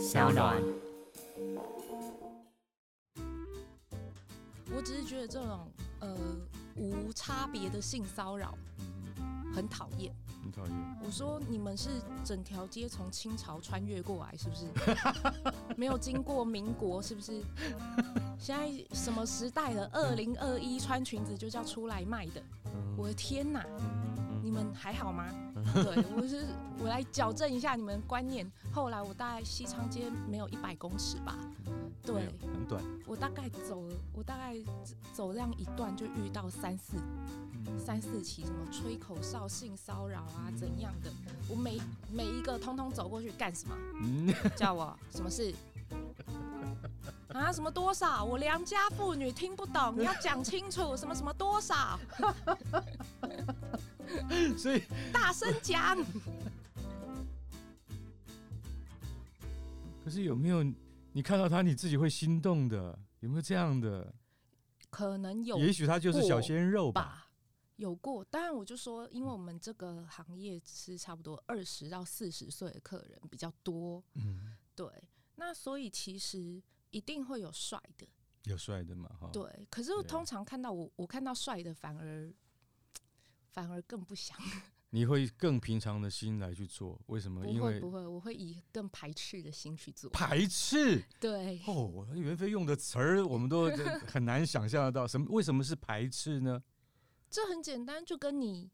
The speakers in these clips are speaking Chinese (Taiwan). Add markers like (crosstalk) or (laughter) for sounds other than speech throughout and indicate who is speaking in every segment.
Speaker 1: 小
Speaker 2: 暖我只是覺得這種呃、無差別的性騷擾很討厭，
Speaker 1: 很討厭。
Speaker 2: 我說你們是整條街從清朝穿越過來是不是？ (laughs) 沒有經過民國是不是？ (laughs) 現在什麼時代的？二零二一穿裙子就叫出來賣的， (laughs) 我的天哪！ (laughs) 你們還好嗎？ (laughs) 對，我是，我來矯正一下你們觀念。後來我大概西昌街沒有一百公尺吧，
Speaker 1: 對，很短。
Speaker 2: 我大概走了，我大概走這樣一段就遇到三四、嗯、三四起什麼吹口哨、性騷擾啊、嗯、怎樣的，我每每一個通通走過去幹什麼？ (laughs) 叫我什麼事啊？什麼多少？我良家婦女聽不懂，你要講清楚什麼什麼多少。 (laughs) (laughs) 所以大聲講。
Speaker 1: (laughs) (laughs) 可是有沒有你看到他，你自己會心動的？有沒有這樣的？
Speaker 2: 可能有，也許他就是小鮮肉吧。過吧，有過，當然我就說，因為我們這個行業是差不多二十到四十歲的客人比較多。嗯，對。那所以其實一定會有帥的，
Speaker 1: 有帥的嘛？哈，對。可是我通
Speaker 2: 常看到我，對我看到帥的反而。反而更不想，
Speaker 1: 你會更平常的心來去做，為什麼？會因為不
Speaker 2: 會，我會以更排斥的心去做。排
Speaker 1: 斥，對。哦，袁非用的詞兒，我們都很難想象得到什麼。 (laughs) 為什麼是排斥呢？
Speaker 2: 這很簡單，就跟你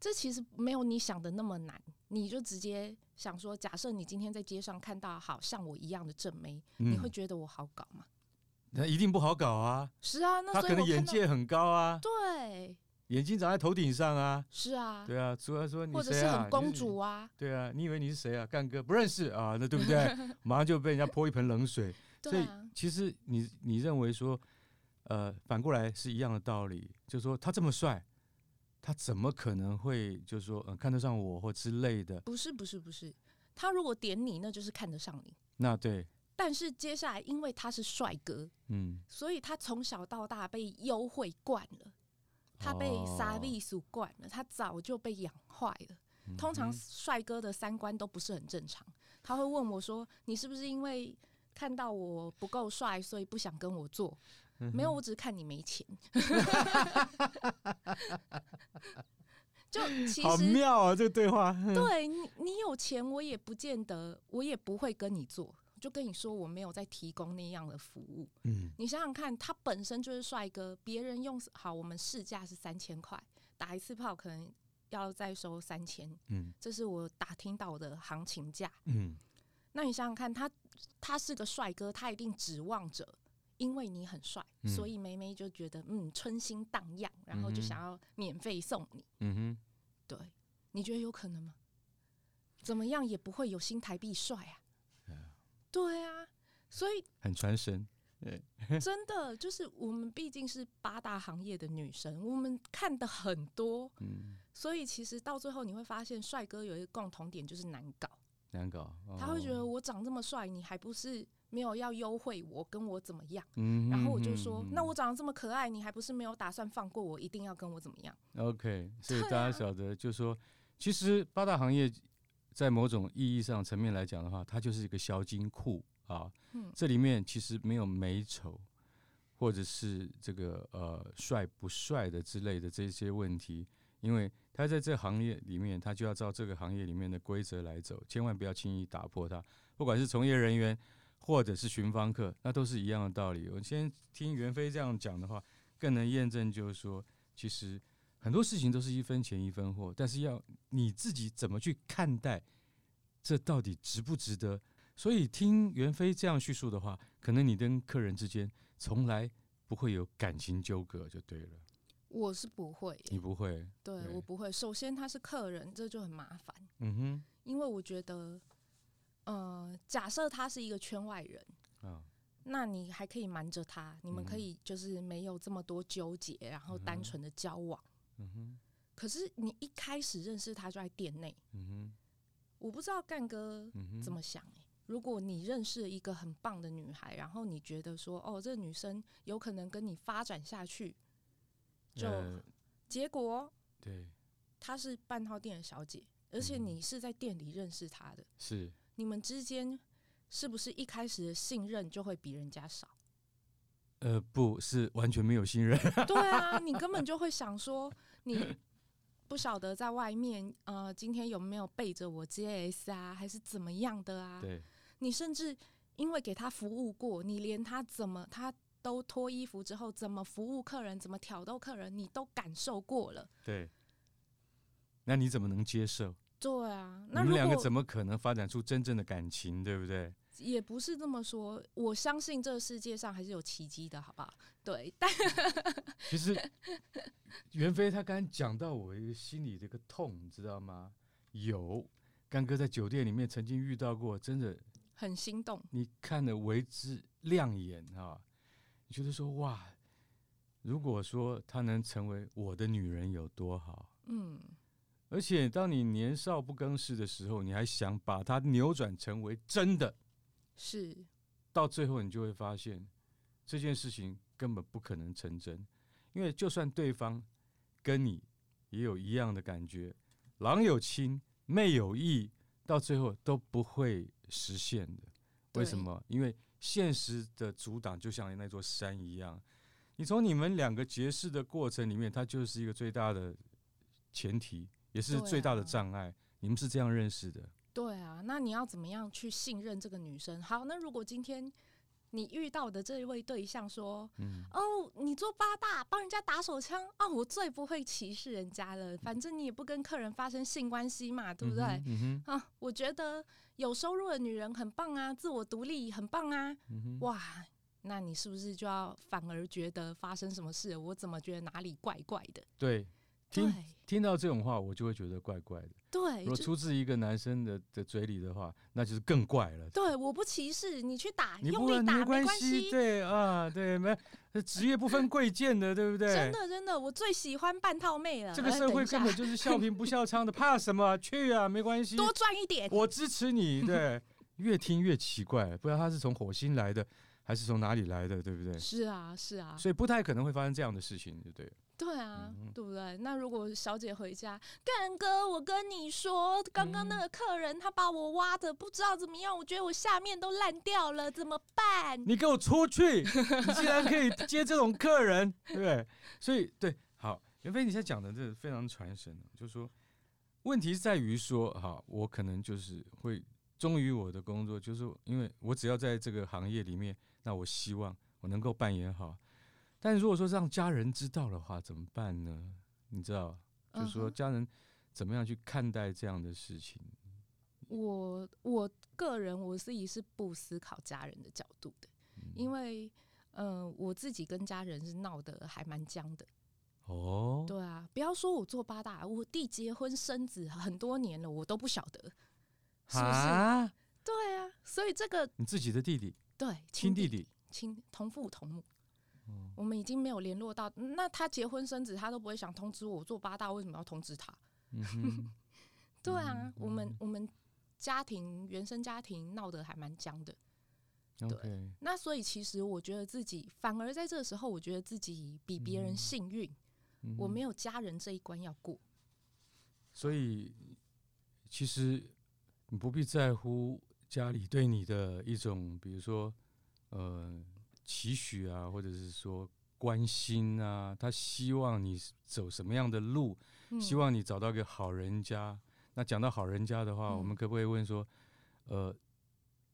Speaker 2: 這其實沒有你想的那麼難。你就直接想說，假設你今天在街上看到好像我一樣的正妹，嗯、你會覺得我好搞嗎？
Speaker 1: 那一定不好搞啊！
Speaker 2: 是啊，那所以他可能眼界
Speaker 1: 很高啊。對。眼睛長在頭頂上啊！是啊，對啊，除了說你誰、啊，或者是很公主啊，對啊，你以為你是誰啊？干哥不認識啊，那對不對？ (laughs) 馬上就被人家潑一盆冷水。 (laughs) 對啊。所以其實你你認為說，呃，反過來是一樣的道理，就是說他這麼帥，他怎麼可能會就是說嗯、呃、看得上我或之類的？
Speaker 2: 不是不是不是，他如果點你，那就是看得上你。那對。但是接下來，因為他是帥哥，嗯，所以他從小到大被優惠慣了。他被殺地數慣了，他早就被養壞了。通常帥哥的三觀都不是很正常。他會問我說：“你是不是因為看到我不夠帥，所以不想跟我做？”嗯、哼沒有，我只看你沒錢。 (laughs) 就其實好妙啊，這個 (laughs) 對話。對你，你有錢我也不見得，我也不會跟你做。就跟你說，我沒有在提供那樣的服務。嗯，你想想看，他本身就是帥哥，別人用好，我們市價是三千塊，打一次炮可能要再收三千。嗯，這是我打聽到的行情價。嗯，那你想想看，他他是個帥哥，他一定指望着，因為你很帥，嗯、所以妹妹就覺得嗯，春心蕩漾，然後就想要免費送你。嗯哼對，你覺得有可能嗎？怎麼樣也不會有新台幣帥啊。對啊，所以
Speaker 1: 很傳神，對，
Speaker 2: 真的就是我們畢竟是八大行業的女神，我們看的很多，嗯，所以其實到最後你會發現，帥哥有一個共同點就是難搞，
Speaker 1: 難搞，哦、他會覺
Speaker 2: 得我長這麼帥，你還不是沒有要優惠我跟我怎麼樣？
Speaker 1: 嗯哼嗯哼，然後我就說，那我
Speaker 2: 長得這麼可愛，你還不是沒有打算放過我，一定要跟我怎麼樣
Speaker 1: ？OK，所以大家曉得，對啊、就是說，其實八大行業。在某種意義上層面來講的話，它就是一個小金庫啊。嗯、這裡面其實沒有美醜，或者是這個呃帥不帥的之類的這些問題，因為他在這行業裡面，他就要照這個行業裡面的規則來走，千萬不要輕易打破它。不管是從業人員，或者是尋芳客，那都是一樣的道理。我先聽袁非這樣講的話，更能驗證，就是說，其實。很多事情都是一分錢一分貨，但是要你自己怎麼去看待這到底值不值得？所以聽袁非這樣敘述的話，可能你跟客人之間從來不會有感情糾葛就對了。
Speaker 2: 我是不會，
Speaker 1: 你不會，
Speaker 2: 對，對我不會。首先他是客人，這就很麻煩。嗯哼，因為我覺得，呃，假設他是一個圈外人，啊，那你還可以瞞着他，你們可以就是沒有這麼多糾結，然後單純的交往。嗯嗯、可是你一開始認識她就在店內，嗯、哼我不知道幹哥怎麼想、欸嗯、哼如果你認識了一個很棒的女孩，然後你覺得說，哦，這個、女生有可能跟你發展下去，
Speaker 1: 就、呃、
Speaker 2: 結果
Speaker 1: 對
Speaker 2: 她是半套店的小姐，而且你是在店裡認識她的，是、嗯哼，你們之間是不是一開始的信任就會比人家少？
Speaker 1: 呃，不是完全沒有信任。 (laughs) 對
Speaker 2: 啊，你根本就會想說，你不曉得在外面呃，今天有沒有背着我接 S 啊，還是怎麼樣的啊？對，你甚至因為給他服務過，你連他怎麼他都脫衣服之後怎麼服務客人，怎麼挑逗客人，你都感受過了。
Speaker 1: 對，那你怎麼能接受？
Speaker 2: 對啊，那如果你們兩個怎麼
Speaker 1: 可能發展出真正的感情，對不對？
Speaker 2: 也不是這麼說，我相信這個世界上還是有奇蹟的，好不好？對，但其實
Speaker 1: 袁非他剛剛講到我一個心裡的一個痛，你知道嗎？有幹哥在酒店裡面曾經遇到過，真的
Speaker 2: 很心動，
Speaker 1: 你看的為之亮眼啊，你覺得說哇，如果說他能成為我的女人有多好？嗯，而且當你年少不更事的時候，你還想把它扭轉成為真的。是，到最後你就會發現這件事情根本不可能成真，因為就算對方跟你也有一樣的感覺，郎有情妹有意，到最後都不會實現的。對為什麼？因為現實的阻擋就像那座山一樣。你從你們兩個結識的過程裡面，它就是一個最大的前提，也是最大的障礙。啊、你們是這樣認識的。
Speaker 2: 對啊，那你要怎麼樣去信任這個女生？好，那如果今天你遇到的這一位對象說：“嗯、哦，你做八大幫人家打手槍啊、哦，我最不會歧視人家了，反正你也不跟客人發生性關係嘛，對不對？”嗯嗯、啊，我覺得有收入的女人很棒啊，自我獨立很棒啊，嗯、哼，哇，那你是不是就要反而覺得發生什麼事？我怎麼覺得哪裡怪怪的？
Speaker 1: 對，聽對聽到這種話，我就會覺得怪怪的。如果出自一個男生的的嘴裡的話，那就是更怪了。
Speaker 2: 對，我不歧視你，去打，你用力打沒關係。對
Speaker 1: 啊，對，沒職業不分貴賤的，對不對？真
Speaker 2: 的，真的，我最喜歡半套妹了。這個社會根本就是笑貧
Speaker 1: 不笑娼的，怕什麼？去啊，沒關係，多賺一點。我支持你。對，越聽越奇怪，不知道他是從火星來的還是從哪裡來的，對不對？是
Speaker 2: 啊，是啊，所
Speaker 1: 以不太可能會發生這樣的事情，對不對？
Speaker 2: 對啊，嗯、哼對不對？那如果小姐回家，幹、嗯、哼哥，我跟你說，剛剛那個客人他把我挖的不知道怎麼樣，我覺得我下面都爛掉了，怎麼辦？你
Speaker 1: 給我出去！ (laughs) 你竟然可以接這種客人， (laughs) 對不對？所以對，好，袁非，你現在講的這是非常傳神的，就是說，問題是在於說，哈，我可能就是會忠於我的工作，就是因為我只要在這個行業裡面，那我希望我能夠扮演好。但如果說讓家人知道的話，怎麼辦呢？你知道，就是說家人怎麼樣去看待這樣的事情？Uh
Speaker 2: huh. 我我個人我自己是不思考家人的角度的，嗯、因為嗯、呃，我自己跟家人是鬧得還蠻僵的。哦，oh? 對啊，不要說我做八大，我弟結婚生子很多年了，我都不曉得，是不是？啊對啊，所以這個
Speaker 1: 你自己的弟弟，對，親弟弟，親弟
Speaker 2: 弟，親，同父同母。我們已經沒有聯絡到，那他結婚生子，他都不會想通知我。我做八大，為什麼要通知他？Mm hmm. (laughs) 對啊，mm hmm. 我們、mm hmm. 我們家庭原生家庭鬧得還蠻僵的。對，Okay. 那所以其實我覺得自己反而在這個時候，我覺得自己比別人幸運，mm hmm. 我沒有家人這一關要過。
Speaker 1: 所以其實你不必在乎家裡對你的一種，比如說呃。期許啊，或者是說關心啊，他希望你走什麼樣的路，嗯、希望你找到個好人家。那講到好人家的話，嗯、我們可不可以問說，呃，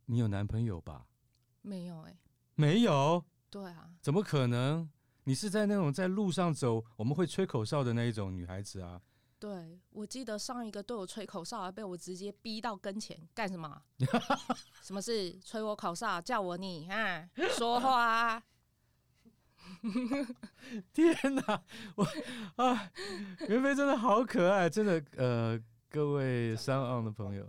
Speaker 1: 你有男朋友吧？
Speaker 2: 沒有哎、欸，
Speaker 1: 沒有，
Speaker 2: 對啊，
Speaker 1: 怎麼可能？你是在那種在路上走，我們會吹口哨的那一種女孩子啊。
Speaker 2: 對，我記得上一個對我吹口哨，還被我直接逼到跟前，幹什麼？ (laughs) 什麼事？吹我口哨，叫我你，啊說話啊。 (laughs) 天哪，我啊，
Speaker 1: 袁非真的好可愛，真的。呃，各位上岸的朋友，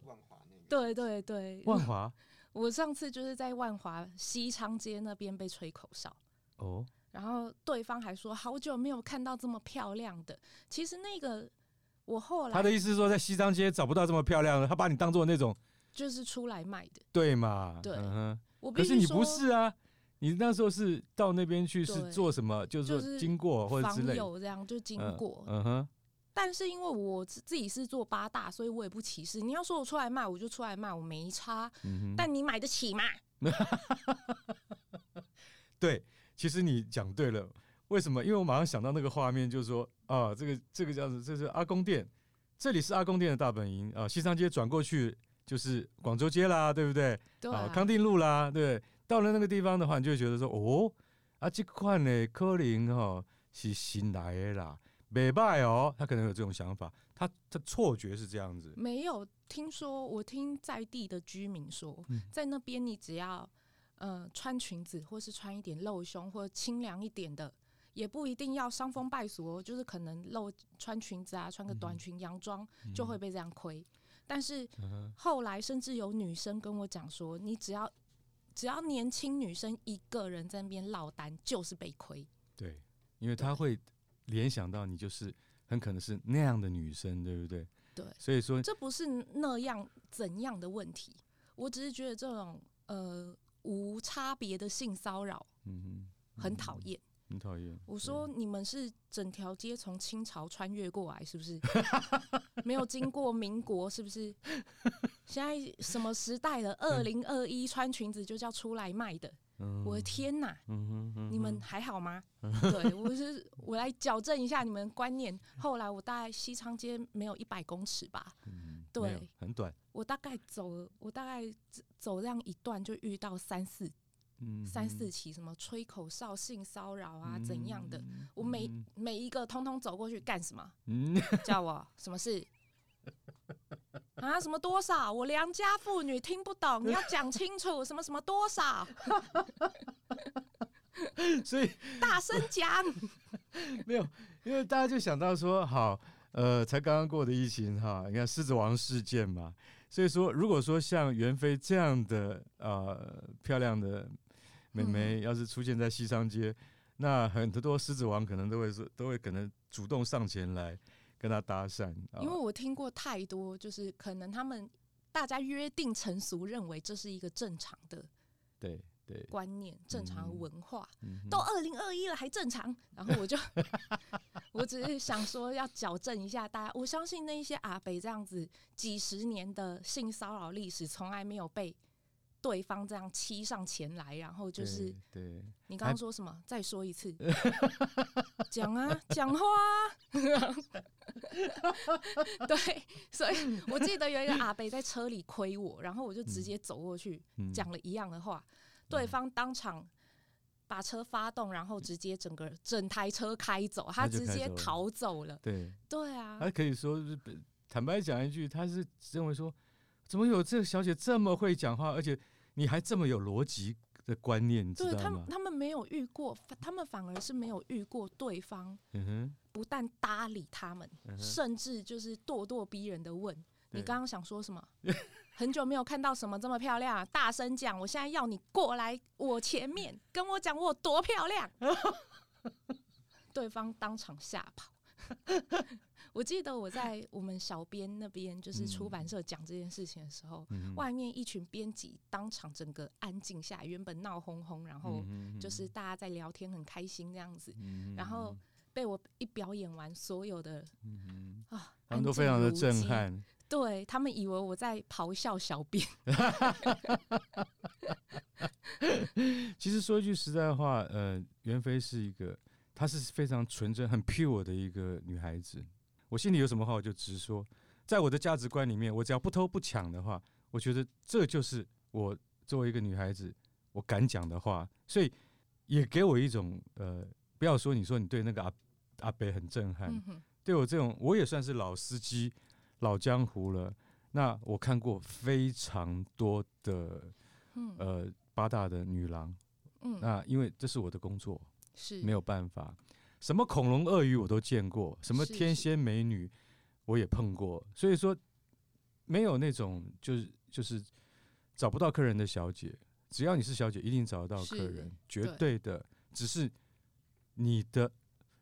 Speaker 2: 對對對，萬華華。我上次就是在萬華西昌街那邊被吹口哨，哦，oh? 然後對方還說好久沒有看到這麼漂亮的。其實那個。我後來，他的意思是說，
Speaker 1: 在西昌街找不到這麼漂亮的，他把你當做那種，
Speaker 2: 就是出來賣的，
Speaker 1: 對嘛？對，嗯、哼可是你不是啊，你那時候是到那邊去是做什麼？對就是說經過或者之類，是
Speaker 2: 這樣就經過。嗯，嗯
Speaker 1: 哼，
Speaker 2: 但是因為我自己是做八大，所以我也不歧視。你要說我出來賣，我就出來賣，我沒差。嗯、哼但你買得起嗎？
Speaker 1: (laughs) (laughs) 對，其實你講對了。為什麼？因為我馬上想到那個畫面，就是說啊，這個這個叫做，這是阿公店，這裡是阿公店的大本營啊。西昌街轉過去就是廣州街啦，對不對？對啊，啊。康定路啦，對。到了那個地方的話，你就會覺得說，哦啊，這塊呢，柯林哈是新來的啦，美敗哦，他可能有這種想法，他的錯覺
Speaker 2: 是這樣子。沒有聽說，我聽在地的居民說，在那邊你只要、呃、穿裙子，或是穿一點露胸，或清涼一點的。也不一定要傷風敗俗哦，就是可能露穿裙子啊，穿個短裙、洋裝、嗯哼，就會被這樣虧。嗯哼，但是後來甚至有女生跟我講說，你只要只要年輕女生一個人在那邊落單，就是被虧。
Speaker 1: 對，因為她會聯想到你就是很可能是那樣的女生，對不對？
Speaker 2: 對，所以說這不是那樣怎樣的問題，我只是覺得這種呃無差別的性騷擾，嗯哼，嗯哼，很討厭。我說你們是整條街從清朝穿越過來，是不是？ (laughs) 沒有經過民國，是不是？ (laughs) 現在什麼時代了？二零二一穿裙子就叫出來賣的。嗯、我的天哪、啊！嗯嗯、
Speaker 1: 你們還好嗎？嗯、哼對
Speaker 2: 我是，我來矯正一下你們觀念。 (laughs) 後來我大概西昌街沒有一百公尺吧。嗯、對，很短。我大概走了，我大概走走這樣一段就遇到三四。三四起什麼吹口哨、性騷擾啊怎樣的？嗯、我每每一個通通走過去幹什麼？嗯、叫我 (laughs) 什麼事啊？什麼多少？我良家婦女聽不懂，你要講清楚什麼什麼多少？ (laughs) (laughs) 所以大聲講。
Speaker 1: 沒有，因為大家就想到說，好，呃，才剛剛過的疫情哈、啊，你看獅子王事件嘛，所以說如果說像袁非這樣的呃漂亮的。妹妹要是出現在西昌街，嗯、那很多獅子王可能都會是都會可能主動上前來跟她搭訕。因為
Speaker 2: 我聽過太多，就是可能他們大家約定成俗，認為這是一個正常的
Speaker 1: 對對
Speaker 2: 觀念、正常文化。嗯嗯、都二零二一了還正常，然後我就 (laughs) 我只是想說要矯正一下大家。我相信那一些阿北這樣子幾十年的性騷擾歷史，從來沒有被。對方這樣欺上前來，然後就是，
Speaker 1: 你剛剛說
Speaker 2: 什麼？還再說一次，講 (laughs) 啊，講話、啊。 (laughs) (laughs) 對，所以我記得有一個阿伯在車裡虧我，然後我就直接走過去，講、嗯、了一樣的話。嗯、對方當場把車發動，然後直接整個整台車開走，他，開走他直接逃走
Speaker 1: 了。對，對啊。他可以說是坦白講一句，他是認為說。怎麼有這個小姐這麼會講話，而且你還這麼有邏輯的觀念？對他們，他
Speaker 2: 們沒有遇過，他們反而是沒有遇過對方。不但搭理他們，嗯、哼甚至就是咄咄逼人的問：“嗯、哼你剛剛想說什麼？”對 (laughs) 很久沒有看到什麼這麼漂亮、啊，大聲講！我現在要你過來我前面，跟我講我多漂亮。 (laughs) 對方當場嚇跑。 (laughs) 我記得我在我們小編那邊，就是出版社講這件事情的時候，嗯、哼外面一群編輯當場整個安靜下來，原本鬧哄哄，然後就是大家在聊天很開心這樣子，嗯、哼然後被我一表演完，所有的、嗯哼啊、他們都非常的震撼，雞對，他們以為我在咆哮小編。小編，
Speaker 1: 其實說一句實在話，呃，袁非是一個，她是非常純真、很 pure 的一個女孩子。我心裡有什麼話，我就直說。在我的價值觀裡面，我只要不偷不搶的話，我覺得這就是我作為一個女孩子，我敢講的話。所以也給我一種呃，不要說你說你對那個阿阿北很震撼，嗯、哼對我這種我也算是老司機、老江湖了。那我看過非常多的呃八大的女郎，嗯、那因為這是我的工作，是沒有辦法。什麼恐龍、鱷魚我都見過，什麼天仙美女我也碰過。是是所以說，沒有那種就是就是找不到客人的小姐，只要你是小姐，一定找得到客人，是絕對的。對只是你的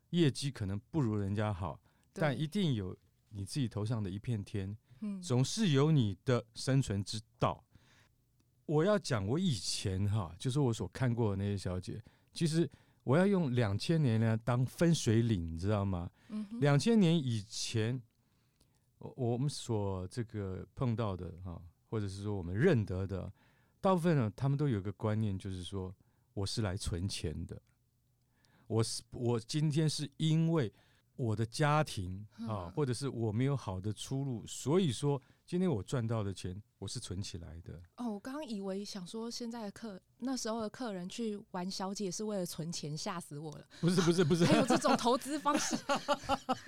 Speaker 1: 業績可能不如人家好，對但一定有你自己頭上的一片天，總是有你的生存之道。嗯，我要講，我以前哈，就是我所看過的那些小姐，其實。我要用兩千年呢當分水嶺，你知道嗎？兩千年以前，嗯哼，我，我們所這個碰到的哈，或者是說我們認得的，大部分呢，他們都有個觀念，就是說我是來存錢的，我是我今天是因為我的家庭、嗯、啊，或者是我沒有好的出路，所以說今天我賺到的錢。我是存起來的
Speaker 2: 哦，我剛剛以為想說，現在的客，那時候的客人去玩小姐是為了存錢？嚇死我了。不是不是不是，不是不是還有這種投資方式？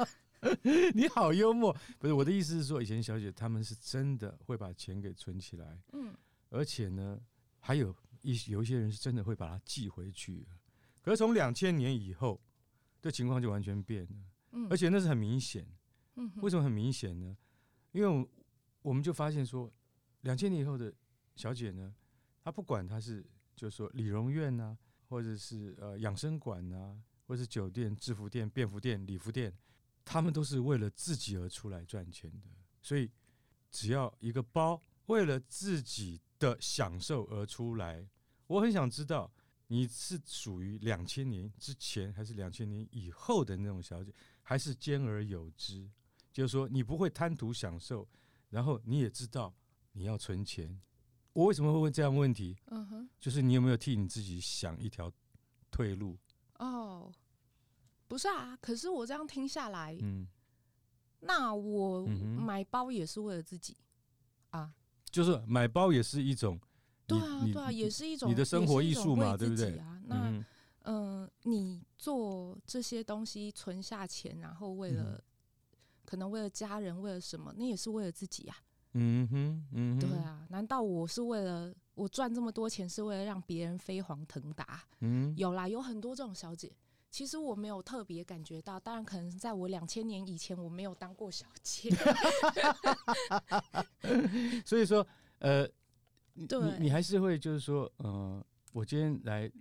Speaker 1: (laughs) 你好幽默。不是我的意思是說，以前小姐他們是真的會把錢給存起來，嗯，而且呢，還有一有一些人是真的會把它寄回去。可是從兩千年以後的情況就完全變了，嗯，而且那是很明顯，嗯，為什麼很明顯呢？因為我們就發現說。兩千年以後的小姐呢，她不管她是就是、說理容院吶、啊，或者是呃養生館吶、啊，或者是酒店、制服店、便服店、禮服店，他們都是為了自己而出來賺錢的。所以，只要一個包，為了自己的享受而出來，我很想知道你是屬於兩千年之前還是兩千年以後的那種小姐，還是兼而有之？就是說，你不會貪圖享受，然後你也知道，你要存錢，我為什麼會問這樣問題？嗯哼，就是你有沒有替你自己想一條退路？
Speaker 2: 哦，不是啊，可是我這樣聽下來，嗯，那我買包也是為了自己啊，
Speaker 1: 就是買包也是一種對、啊，對啊對啊，你也是一種你的生活藝術嘛，啊，對不對嗯哼那嗯，
Speaker 2: 呃，你做這些東西存下錢，然後為了、嗯、可能為了家人，為了什麼，你也是為了自己啊。嗯哼，嗯哼，對啊，難道我是為了我賺這麼多錢，是為了讓別人飛黃騰達？嗯，有啦，有很多這種小姐，其實我沒有特別感覺到。當然，可能在我兩千年以前，我沒有當過小姐。哈
Speaker 1: 哈哈！所以說，呃，對你你還是會就是說，嗯、呃，我今天來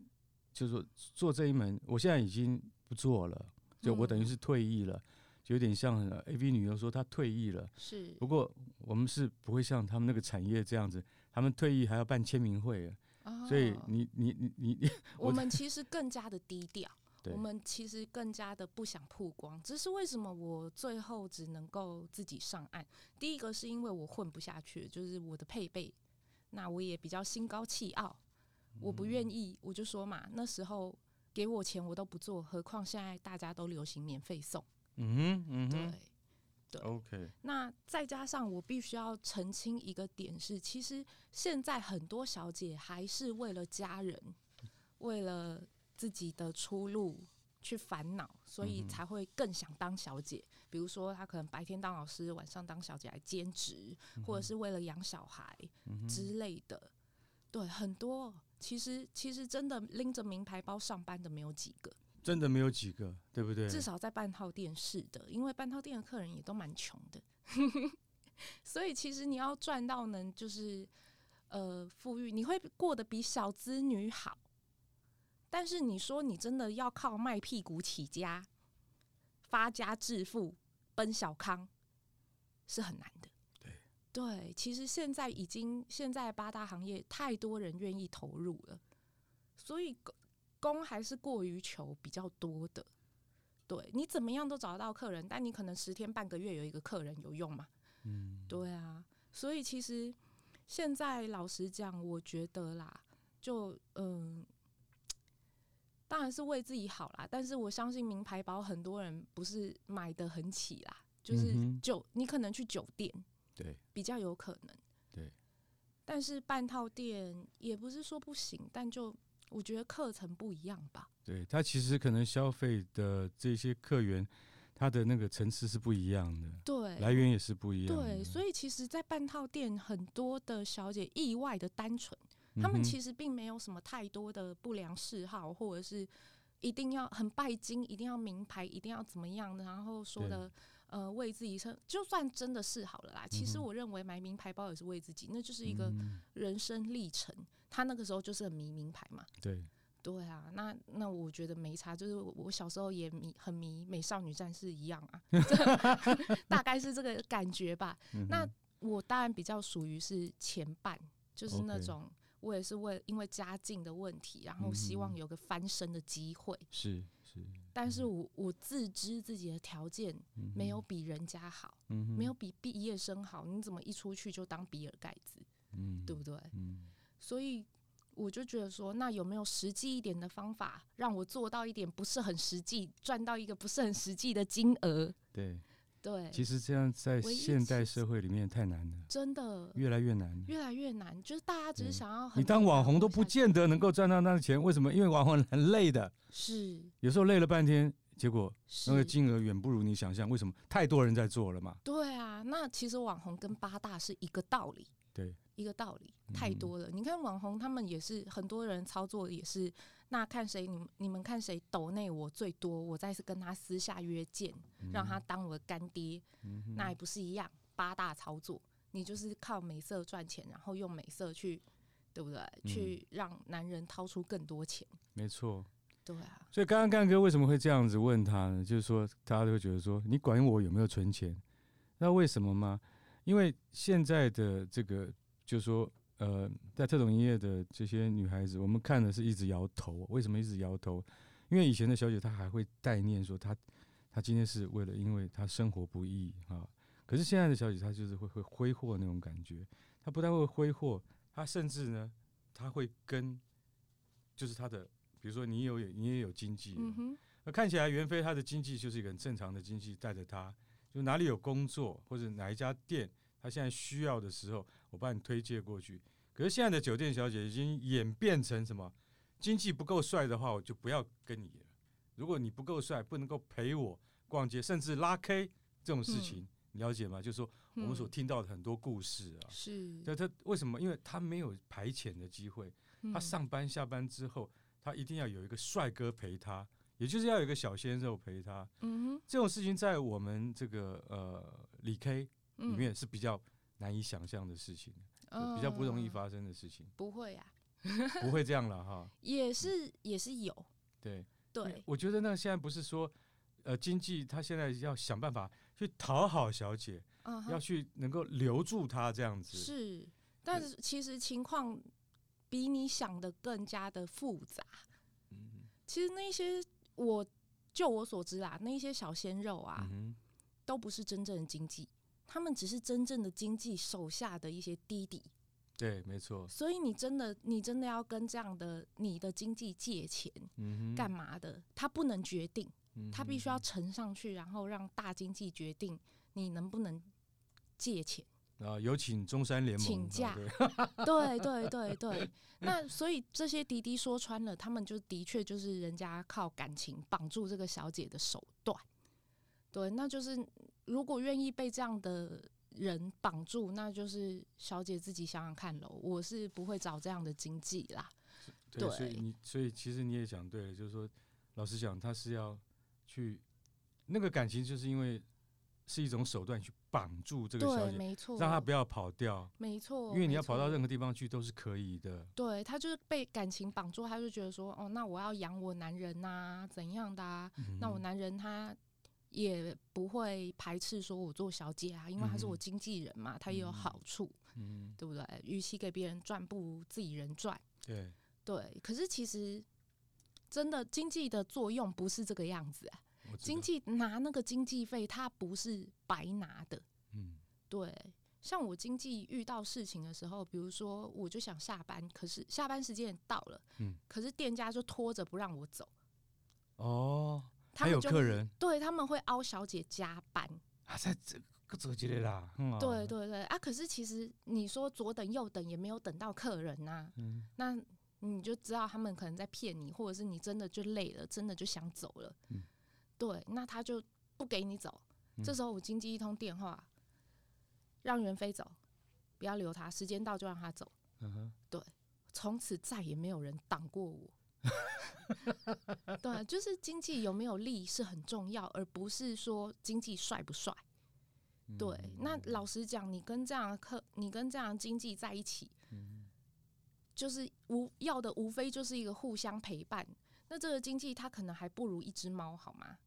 Speaker 1: 就是說做這一門，我現在已經不做了，就我等於是退役了。嗯有點像 AV 女優說她退役了，是。不過我們是不會像他們那個產業這樣子，他們退役還要辦簽名會，哦、所以你你你你我，我們
Speaker 2: 其實更加的低調，對我們其實更加的不想曝光。這是為什麼我最後只能夠自己上岸？第一個是因為我混不下去，就是我的配備，那我也比較心高氣傲，我不願意。我就說嘛，嗯、那時候給我錢我都不做，何況現在大家都流行免費送。嗯哼，嗯、mm hmm, mm hmm. 對,對，OK。那再加上我必須要澄清一個點是，其實現在很多小姐還是為了家人，為了自己的出路去煩惱，所以才會更想當小姐。Mm hmm. 比如說，她可能白天當老師，晚上當小姐來兼職，或者是為了養小孩、mm hmm. 之類的。對，很多其實其實真的拎着名牌包上班的沒有幾個。
Speaker 1: 真的沒有幾個，對不對？至少
Speaker 2: 在半套店是的，因為半套店的客人也都蠻窮的呵呵，所以其實你要賺到能就是呃富裕，你會過得比小資女好。但是你說你真的要靠賣屁股起家，發家致富、奔小康是很難的。對對，其實現在已經現在八大行業太多人願意投入了，所以。供還是過於求比較多的，對，你怎麼樣都找得到客人，但你可能十天半個月有一個客人有用嘛？嗯、對啊，所以其實現在老實講，我覺得啦，就嗯，當然是為自己好啦，但是我相信名牌包很多人不是買得很起啦，就是酒，嗯、哼你可能去酒店對比較有可能
Speaker 1: 對，
Speaker 2: 但是半套店也不是說不行，但就。我覺得課程不一樣吧。
Speaker 1: 對，它其實可能消費的這些客源，它的那個層次是不一樣的，對，來源也是不一樣的。對，所
Speaker 2: 以其實，在半套店，很多的小姐意外的單純，他們其實並沒有什麼太多的不良嗜好，或者是一定要很拜金，一定要名牌，一定要怎麼樣的，然後說的。呃，為自己生，就算真的是好了啦。其實我認為買名牌包也是為自己，嗯、哼那就是一個人生歷程。嗯、哼他那個時候就是很迷名牌嘛。對對啊，那那我覺得沒差，就是我小時候也迷很迷《美少女戰士》一樣啊， (laughs) 大概是這個感覺吧。嗯、哼那我當然比較屬於是前半，就是那種我也是為因為家境的問題，然後希望有個翻身的機會、嗯、是。但是我我自知自己的條件沒有比人家好，嗯嗯、沒有比畢業生好，你怎麼一出去就當比爾蓋茨？嗯哼，對不對？嗯，所以我就覺得說，那有沒有實際一點的方法，讓我做到一點不是很實際，賺到一個不是很實際的金額？對。對，其
Speaker 1: 實這樣在現代社會裡面太難了，真的越來越難，
Speaker 2: 越來越難。就是大家只是想要很、嗯、你
Speaker 1: 當網紅都不見得能夠賺到那個錢，為什麼？因為網紅很累的，是有時候累了半天，結果那個金額遠不如你想象。是為什麼？太多人在做了嘛。
Speaker 2: 對啊，那其實網紅跟八大是一個道理。對。一個道理，太多了，嗯、你看網紅他們也是很多人操作也是，那看誰你你們看誰抖內我最多，我再次跟他私下約見，嗯、讓他當我的乾爹，嗯、哼那也不是一樣八大操作，你就是靠美色賺錢，然後用美色去對不對？嗯、哼去讓男人掏出更多錢，
Speaker 1: 沒錯錯，對啊。所以剛剛乾哥為什麼會這樣子問他呢？就是說他就會覺得說你管我有沒有存錢，那為什麼嗎？因為現在的這個。就是說，呃，在特種營業的這些女孩子，我們看的是一直搖頭。為什麼一直搖頭？因為以前的小姐她還會概念說她，她她今天是為了，因為她生活不易啊。可是現在的小姐她就是會會揮霍那種感覺，她不但會揮霍，她甚至呢，她會跟，就是她的，比如說你有你也有經紀，那、嗯、哼看起來袁非她的經紀就是一個很正常的經紀，帶着她就哪裡有工作或者哪一家店她現在需要的時候。我幫你推薦過去，可是現在的酒店小姐已經演變成什麼？經紀不夠帥的話，我就不要跟你了。如果你不夠帥，不能夠陪我逛街，甚至拉 K 這種事情，嗯、你了解嗎？就是說我們所聽到的很多故事啊，嗯、是，那他為什麼？因為他沒有排遣的機會，他上班下班之後，他一定要有一個帥哥陪他，也就是要有一個小鮮肉陪他。嗯、哼這種事情在我們這個呃李 K 裡面是比較。難以想象的事情，比較不容易發生的事情，
Speaker 2: 不會啊，不會這樣了哈。也是，也是有。對對，我
Speaker 1: 覺得那現在不是說，呃，經紀他現在要想辦法去討好小姐，要去能夠留住她這樣子。是，
Speaker 2: 但是其實情況比你想的更加的複雜。嗯，其實那些我就我所知啦，那些小鮮肉啊，都不是真正的經紀。他們只是真正的經紀手下的一些弟弟，
Speaker 1: 對，沒錯。所以
Speaker 2: 你真的，你真的要跟這樣的你的經紀借錢，幹嘛的？嗯、哼他不能決定，嗯、哼他必須要呈上去，然後讓大經紀決定你能不能借錢。
Speaker 1: 啊！有請中山聯盟請假，
Speaker 2: 對， (laughs) 對對對對。那所以這些弟弟說穿了，他們就的確就是人家靠感情綁住這個小姐的手段。對，那就是。如果願意被這樣的人綁住，那就是小姐自己想想看了。我是不會找這樣的經紀啦，對，對。所
Speaker 1: 以你，所以其實你也講對了，就是說，老實講，他是要去，那個感情就是因為是一種手段去綁住這個小姐，讓他不要跑掉，
Speaker 2: 沒錯錯。因為你要跑到
Speaker 1: 任何地方去都是可以的。
Speaker 2: 對，他就是被感情綁住，他就覺得說，哦，那我要養我男人吶、啊，怎樣的啊？嗯、哼那我男人他。也不會排斥說我做小姐啊，因為他是我經紀人嘛，他、嗯、也有好處，嗯，對不對？與其給別人賺，不如自己人賺。對對。可是其實真的經紀的作用不是這個樣子、啊，知經紀拿那個經紀費，他不是白拿的。嗯，對。像我經紀遇到事情的時候，比如說我就想下班，可是下班時間到了，嗯，可是店家就拖着不讓我走。
Speaker 1: 哦。他們就
Speaker 2: 還有客人，對，他們會凹小姐加班
Speaker 1: 啊，在這個，走幾里啦。嗯哦、對
Speaker 2: 對對啊！可是其實你說左等右等也沒有等到客人吶、啊。嗯、那你就知道他們可能在騙你，或者是你真的就累了，真的就想走了。嗯、對，那他就不給你走。這時候我經紀一通電話，嗯、讓袁非走，不要留他，時間到就讓他走。嗯、哼對，從此再也沒有人擋過我。 (laughs) (laughs) 對，就是經紀有沒有利是很重要，而不是說經紀帥不帥。對，嗯、那老實講，你跟這樣的客，你跟這樣的經紀在一起，嗯、就是無要的無非就是一個互相陪伴。那這個經紀它可能還不如一隻貓，好嗎？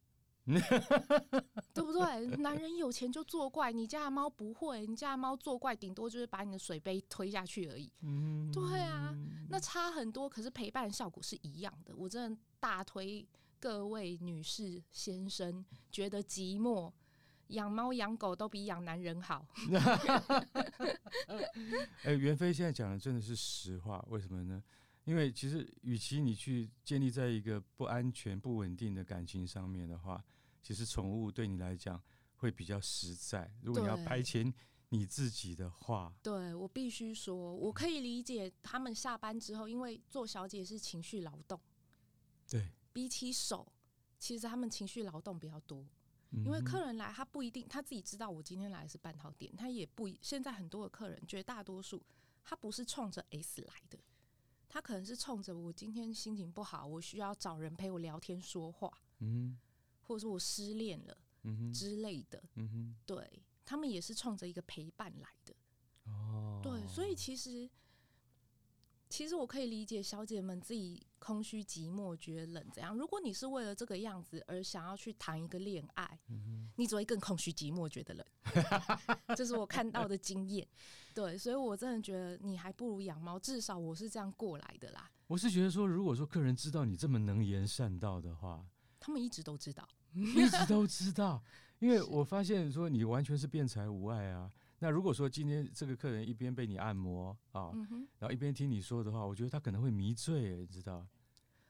Speaker 2: (laughs) 對不對？男人有錢就作怪，你家的貓不會，你家的貓作怪，頂多就是把你的水杯推下去而已。嗯、對啊，那差很多，可是陪伴效果是一樣的。我真的大推各位女士先生，覺得寂寞，養貓養狗都比養男人好。
Speaker 1: (laughs) (laughs) 欸、袁非現在講的真的是實話，為什麼呢？因為其實，與其你去建立在一個不安全、不穩定的感情上面的話，其實寵物對你來講會比較實在。如果你要排遣你自己的話，
Speaker 2: 對，對，我必須說，我可以理解他們下班之後，因為做小姐是情緒勞動，
Speaker 1: 對，
Speaker 2: 比起手，其實他們情緒勞動比較多，因為客人來，他不一定他自己知道我今天來是半套店，他也不，現在很多的客人絕大多數他不是衝着 S 來的。他可能是衝着我今天心情不好，我需要找人陪我聊天說話，嗯哼，或者說我失戀了，嗯哼，之類的，嗯哼，對，他們也是衝着一個陪伴來的，哦，對，所以其實。其實我可以理解小姐們自己空虛寂寞覺得冷怎樣？如果你是為了這個樣子而想要去談一個戀愛，嗯、哼你只會更空虛寂寞覺得冷。這 (laughs) (laughs) 是我看到的經驗。對，所以我真的覺得你還不如養貓，至少我是這樣過來的啦。
Speaker 1: 我是覺得說，如果說客人知道你這麼能言善道的話，
Speaker 2: 他們一直都知道， (laughs) 一直都知
Speaker 1: 道。因為我發現說，你完全是辯才無礙啊。那如果說今天這個客人一邊被你按摩啊，嗯、哼然後一邊聽你說的話，我覺得他可能會迷醉，你知道？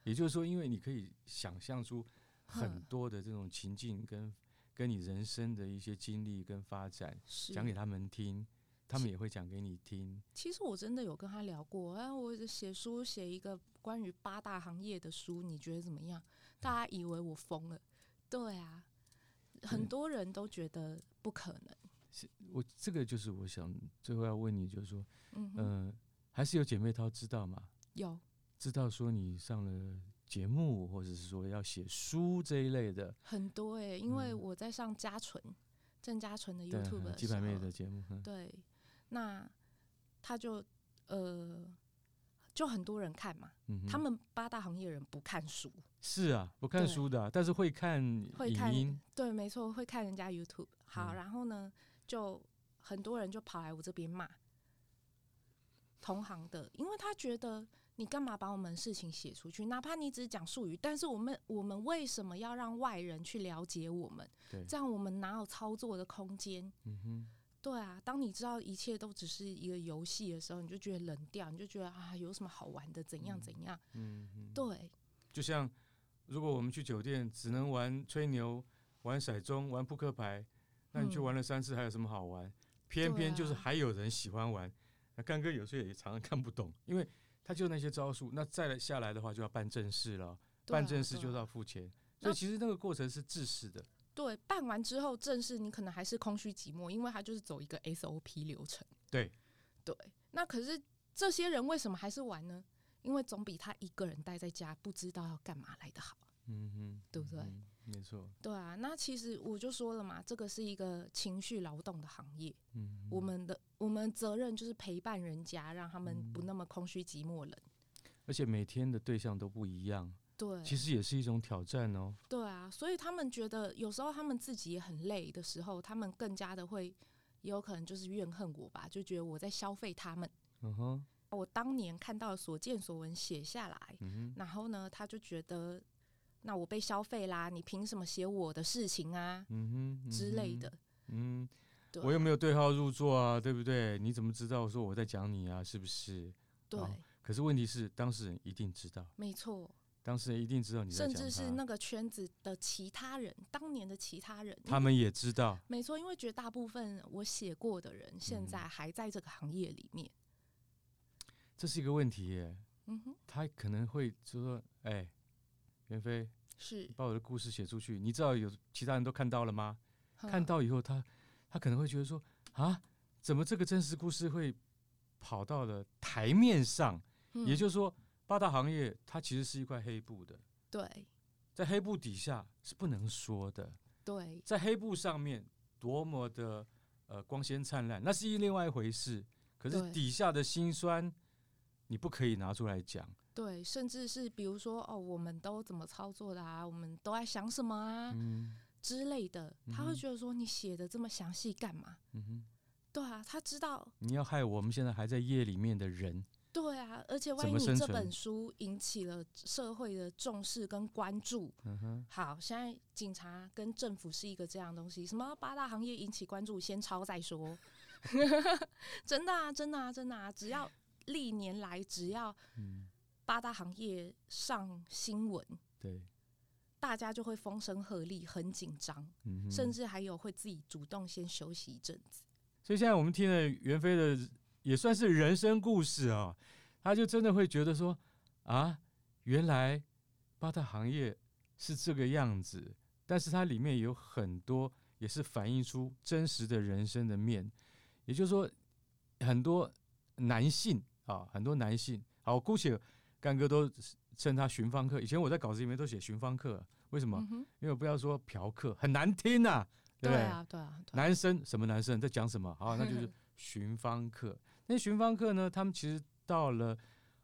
Speaker 1: 也就是說，因為你可以想象出很多的這種情境跟，跟呵跟你人生的一些經歷跟發展講是給他們聽，他們也會講給你聽。
Speaker 2: 其實我真的有跟他聊過，哎，我寫書寫一個關於八大行業的書，你覺得怎麼樣？大家以為我瘋了？對啊，嗯、很多人都覺得不可能。
Speaker 1: 我這個就是我想最後要問你，就是說，嗯哼、呃，還是有姐妹淘知道嗎？有，知道說你上了節目或者是說要寫書這一類的。
Speaker 2: 很多哎、欸，因為我在上家純，鄭家純的 YouTube 的時候，雞排妹的節目。嗯、對，那他就呃，就很多人看嘛。嗯、哼他們八大行業人不看書。
Speaker 1: 是啊，不看書的、啊，對但是會看影音。會看。
Speaker 2: 對，沒錯，會看人家 YouTube。好，嗯、然後呢？就很多人就跑來我這邊罵同行的，因為他覺得你幹嘛把我們事情寫出去？哪怕你只講術語，但是我們我們為什麼要讓外人去了解我們？對這樣我們哪有操作的空間？嗯、哼對啊。當你知道一切都只是一個遊戲的時候，你就覺得冷掉，你就覺得啊，有什麼好玩的？怎樣怎樣？嗯
Speaker 1: 嗯、對。就像如果我們去酒店，只能玩吹牛、玩骰盅、玩撲克牌，你去玩了三次，還有什麼好玩？偏偏就是還有人喜歡玩。那、嗯啊啊、幹哥有時候也，也常常看不懂，因為他就那些招數。那再下來的話，就要辦正事了。啊啊啊、辦正事就要付錢，後所以其實那個過程是制式的。
Speaker 2: 對，辦完之後正事，你可能還是空虛寂寞，因為他就是走一個 SOP 流程。對對，那可是這些人為什麼還是玩呢？因為總比他一個人待在家不知道要幹嘛來得好。嗯哼，對不對？嗯沒錯，對啊，那其實我就說了嘛，這個是一個情緒勞動的行業。嗯哼我，我們的我們責任就是陪伴人家，讓他們不那麼空虛、寂寞人、冷。
Speaker 1: 而且每天的對象都不一樣，對，其實也是一種挑戰哦。
Speaker 2: 對啊，所以他們覺得有時候他們自己也很累的時候，他們更加的會，也有可能就是怨恨我吧，就覺得我在消費他們。嗯哼，我當年看到所見所聞寫下來，嗯、哼然後呢，他就覺得。那我被消費啦！你憑什麼寫我的事情啊？嗯哼，嗯哼之類的。
Speaker 1: 嗯，對我又沒有對號入座啊？對不對？你怎麼知道我說我在講你啊？是不是？對、哦。可是問題是，當事人一定知道。沒錯錯。當事人一定知道你在講他。甚至是
Speaker 2: 那個圈子的其他人，當年的其他人，他們也知道。嗯、沒錯，因為絕大部分我寫過的人，現在還在這個行業裡面。嗯、
Speaker 1: 這是一個問題耶。嗯
Speaker 2: 哼，
Speaker 1: 他可能會就是說：“哎、欸。”袁非是把我的故事寫出去，你知道有其他人都看到了嗎？呵看到以後他，他他可能會覺得說啊，怎麼這個真實故事會跑到了台面上？嗯、也就是說，八大行業它其實是一塊黑布的，對，在黑布底下是不能說的，
Speaker 2: 對，
Speaker 1: 在黑布上面多麼的呃光鮮燦爛，那是一另外一回事，可是底下的辛酸對你不可以拿出來講。
Speaker 2: 對，甚至是比如說哦，我們都怎麼操作的啊？我們都在想什麼啊、
Speaker 1: 嗯、
Speaker 2: 之類的，他會覺得說你寫的這麼詳細幹嘛？嗯、哼對啊，他知道
Speaker 1: 你要害我們現在還在業裡面的人。
Speaker 2: 對啊，而且萬一你這本書引起了社會的重視跟關注，嗯、哼好，現在警察跟政府是一個這樣東西，什麼八大行業引起關注，先抄再說。 (laughs) (laughs) 真的啊，真的啊，真的啊，只要歷年來只要。嗯八大行業上新聞，對，大家就會風聲鶴唳，很緊張，嗯哼。甚至還有會自己主動先休息一陣子。
Speaker 1: 所以現在我們聽了袁非的，也算是人生故事啊、哦，他就真的會覺得說啊，原來八大行業是這個樣子，但是它裡面有很多也是反映出真實的人生的面，也就是說，很多男性啊，很多男性，好，姑且。幹哥都稱他尋芳客，以前我在稿子裡面都寫尋芳客，為什麼？嗯、哼因為我不要說嫖客，很難聽啊。對，不對，對啊，對啊，對啊，男生什麼男生在講什麼？好、啊，那就是尋芳客。呵呵，那尋芳客呢？他們其實到了，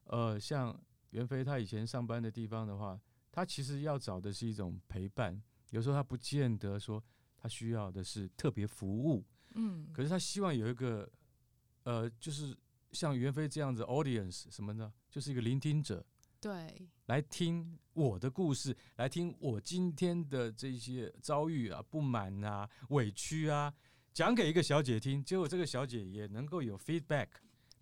Speaker 1: 呃，像袁非他以前上班的地方的話，他其實要找的是一種陪伴。有時候他不見得說他需要的是特別服務，嗯，可是他希望有一個，呃，就是像袁非這樣子 audience 什麼呢？就是一個聆聽者，對，來聽我的故事，來聽我今天的這些遭遇啊、不滿啊、委屈啊，講給一個小姐聽，結果這個小姐也能夠有 feedback，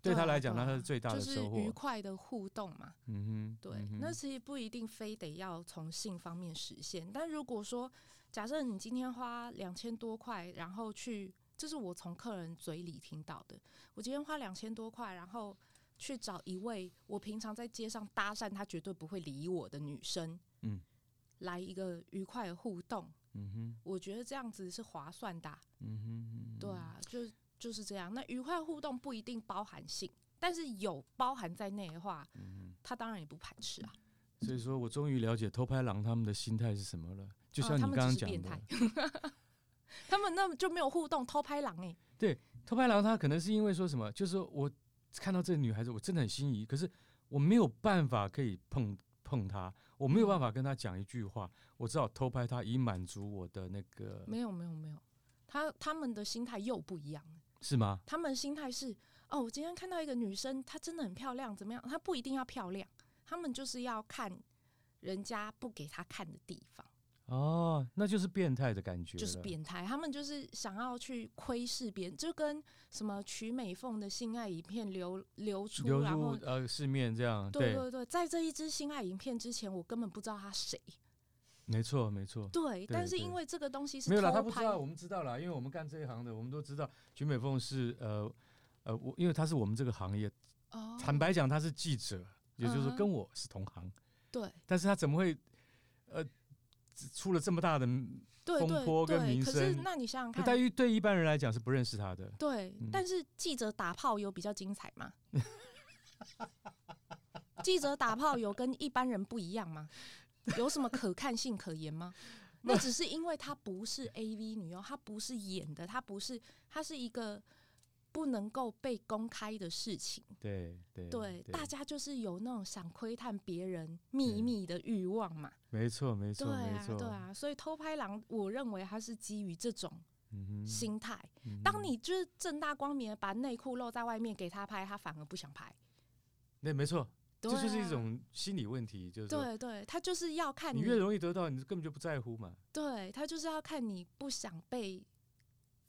Speaker 1: 對她來講呢，她是最大的收穫，就是愉
Speaker 2: 快的互動嘛，嗯
Speaker 1: 哼，對，嗯哼，那其實
Speaker 2: 不一定非得要從性方面實現，但如果說假設你今天花兩千多塊，然後去，這是我從客人嘴裡聽到的，我今天花兩千多塊，然後。去找一位我平常在街上搭訕，他絕對不會理我的女生，嗯，來一個愉快的互動，嗯
Speaker 1: 哼，
Speaker 2: 我覺得這樣子是划算的、啊嗯，嗯哼，對啊，就就是這樣。那愉快互動不一定包含性，但是有包含在內的話，嗯哼，他當然也不排斥啊。
Speaker 1: 所以說我終於了解偷拍狼他們的心態是什麼了，就像你剛剛講的
Speaker 2: 他們那麼 (laughs) 就沒有互動，偷拍狼哎、
Speaker 1: 欸，對，偷拍狼他可能是因為說什麼，就是我。看到這個女孩子，我真的很心儀，可是我沒有辦法可以碰碰她，我沒有辦法跟她講一句話。我只好偷拍她，以滿足我的那個。沒
Speaker 2: 有沒有沒有，她她們的心態又不一樣。
Speaker 1: 是嗎？
Speaker 2: 她們心態是哦，我今天看到一個女生，她真的很漂亮，怎麼樣？她不一定要漂亮，她們就是要看人家不給她看的地方。
Speaker 1: 哦，那就是變態的感覺，就是變
Speaker 2: 態，他們就是想要去窺視別人，就跟什麼曲美鳳的性愛影片流流出，流出後
Speaker 1: 呃，市面這樣，對對對，對
Speaker 2: 對對，在這一支性愛影片之前，我根本不知道他是誰，
Speaker 1: 沒錯沒錯，對，對但是因
Speaker 2: 為這個東西是拍沒有了，他不知道，我們
Speaker 1: 知道了，因為我們幹這一行的，我們都知道曲美鳳是呃呃，我、呃、因為他是我們這個行業，哦，坦白講他是記者，嗯、也就是說跟我是同行，對，但是他怎麼會？出了這麼大的風波跟名聲，對對對，可是那你想想看，對一般人來講是不認識他的。
Speaker 2: 對，嗯，但是記者打炮有比較精彩嗎？ (laughs) (laughs) 記者打炮有跟一般人不一樣嗎？有什麼可看性可言嗎？那只是因為她不是 AV 女優，她不是演的，她不是，她是一個。不能夠被公開的事情，
Speaker 1: 對對，對，大家
Speaker 2: 就是有那種想窺探別人秘密的慾望嘛。
Speaker 1: 沒錯沒錯，對啊對啊，
Speaker 2: 所以偷拍狼，我認為他是基於這種心態。嗯哼嗯哼，當你就是正大光明的把內褲露在外面給他拍，他反而不想拍。
Speaker 1: 那沒錯，對啊，就就是一種心理問題，就是說，對對
Speaker 2: 對，他就是要看你，你越容
Speaker 1: 易得到，你根本就不在乎嘛。
Speaker 2: 對他就是要看你不想被。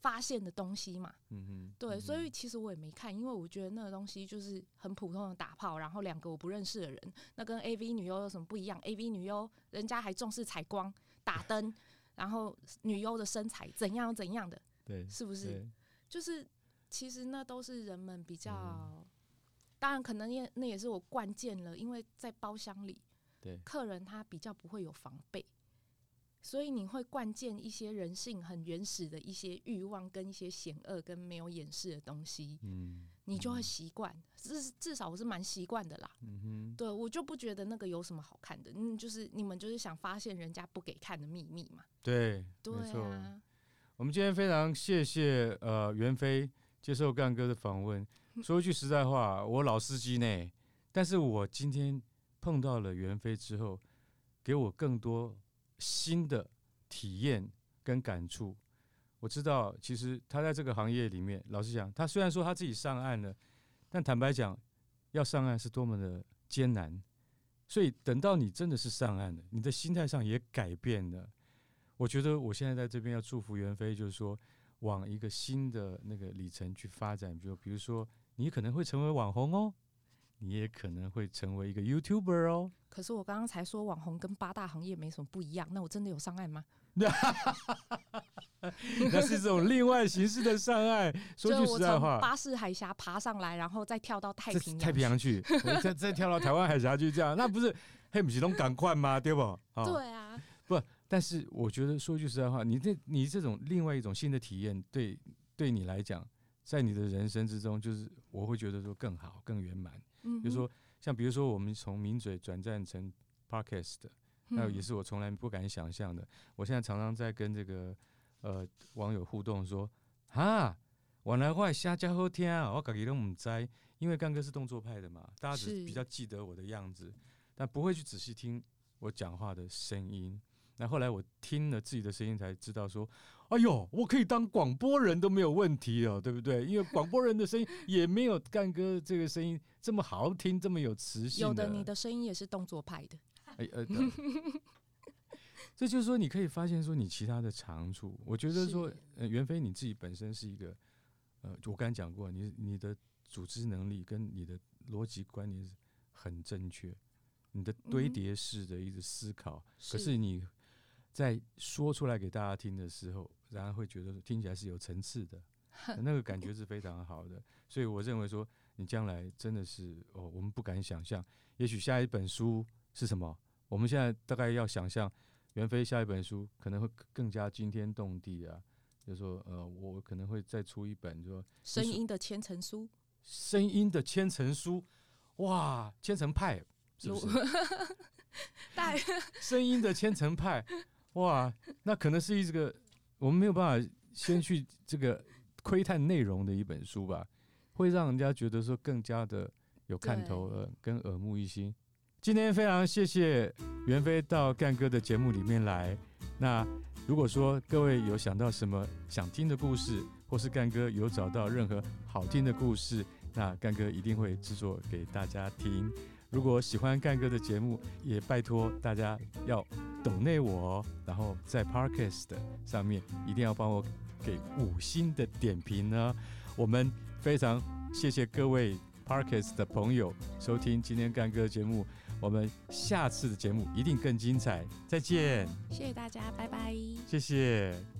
Speaker 2: 發現的東西嘛，嗯哼，對，嗯、哼所以其實我也沒看，因為我覺得那個東西就是很普通的打炮，然後兩個我不認識的人，那跟 AV 女優，有什麼不一樣？AV 女優人家還重視採光、打燈， (laughs) 然後女優的身材怎樣怎樣的，對，是不是？對就是其實那都是人們比較，嗯、當然可能也那也是我慣見了，因為在包廂裡，對，客人他比較不會有防備。所以你會慣見一些人性很原始的一些慾望跟一些險惡跟沒有掩飾的東西，嗯，你就會習慣，至、嗯、至少我是蠻習慣的啦，嗯哼，對我就不覺得那個有什麼好看的，嗯，就是你們就是想發現人家不給看的秘密嘛，
Speaker 1: 對，對啊，我們今天非常謝謝呃袁非接受幹哥的訪問， (laughs) 說一句實在話，我老司機呢，但是我今天碰到了袁非之後，給我更多。新的體驗跟感觸，我知道，其實他在這個行業裡面，老實講，他雖然說他自己上岸了，但坦白講，要上岸是多麼的艱難。所以等到你真的是上岸了，你的心態上也改變了。我覺得我現在在這邊要祝福袁非，就是說往一個新的那個里程去發展，就比如說你可能會成為網紅哦。你也可能會成為一個 YouTuber 哦。
Speaker 2: 可是我剛剛才說網紅跟八大行業沒什麼不一樣，那我真的有上岸嗎？ (laughs) (laughs) 那是一種
Speaker 1: 另外形式的上岸。 (laughs) 說句實在話，我巴
Speaker 2: 士海峽爬上來，然後再跳到太平太平洋去，再 (laughs)
Speaker 1: 再跳到台灣海峽去。這樣 (laughs) 那，那不是嘿米奇東趕快嗎？對不？哦、對啊。不，但是我覺得說句實在話，你這你這種另外一種新的體驗，對對你來講，在你的人生之中，就是我會覺得說更好、更圓滿。比如說像比如說，我們從名嘴轉戰成 Podcast，那也是我從來不敢想象的。我現在常常在跟這個呃網友互動說，說啊，往來話下傢伙聽啊，我感覺都唔知，因為幹哥是動作派的嘛，大家只比較記得我的樣子，是但不會去仔細聽我講話的聲音。那後來我聽了自己的聲音，才知道說，哎呦，我可以當廣播人都沒有問題哦，對不對？因為廣播人的聲音也沒有乾哥這個聲音這麼好聽，這麼有磁性的。有的，你
Speaker 2: 的聲音也是動作派的。哎呃，
Speaker 1: (laughs) 這就是說，你可以發現說你其他的長處。我覺得說，是呃，袁非你自己本身是一個，呃，我剛才講過，你你的組織能力跟你的邏輯觀念是很正確，你的堆疊式的一個思考，嗯、是。可是你。在說出來給大家聽的時候，然後會覺得聽起來是有層次的，呵呵，那個感覺是非常的好的。所以我認為說，你將來真的是哦，我們不敢想象，也許下一本書是什麼。我們現在大概要想象，袁非，下一本書可能會更加驚天動地啊。就是、說呃，我可能會再出一本說、就是，就說聲音
Speaker 2: 的千層書，
Speaker 1: 聲音的千層書，哇，千層派是不
Speaker 2: 是？ (laughs) 但
Speaker 1: 聲音的千層派。 (laughs) 哇，那可能是一這個我們沒有辦法先去這個窺探內容的一本書吧，會讓人家覺得說更加的有看頭呃，跟耳目一新。對今天非常謝謝袁非到干哥的節目裡面來。那如果說各位有想到什麼想聽的故事，或是干哥有找到任何好聽的故事，那干哥一定會製作給大家聽。如果喜歡干哥的節目，也拜托大家要抖內我，哦，然後在 Podcast 的上面一定要幫我給五星的點評呢，哦。我們非常謝謝各位 Podcast 的朋友收聽今天干哥的節目，我們下次的節目一定更精彩。再見，
Speaker 2: 謝謝大家，拜拜，
Speaker 1: 謝謝。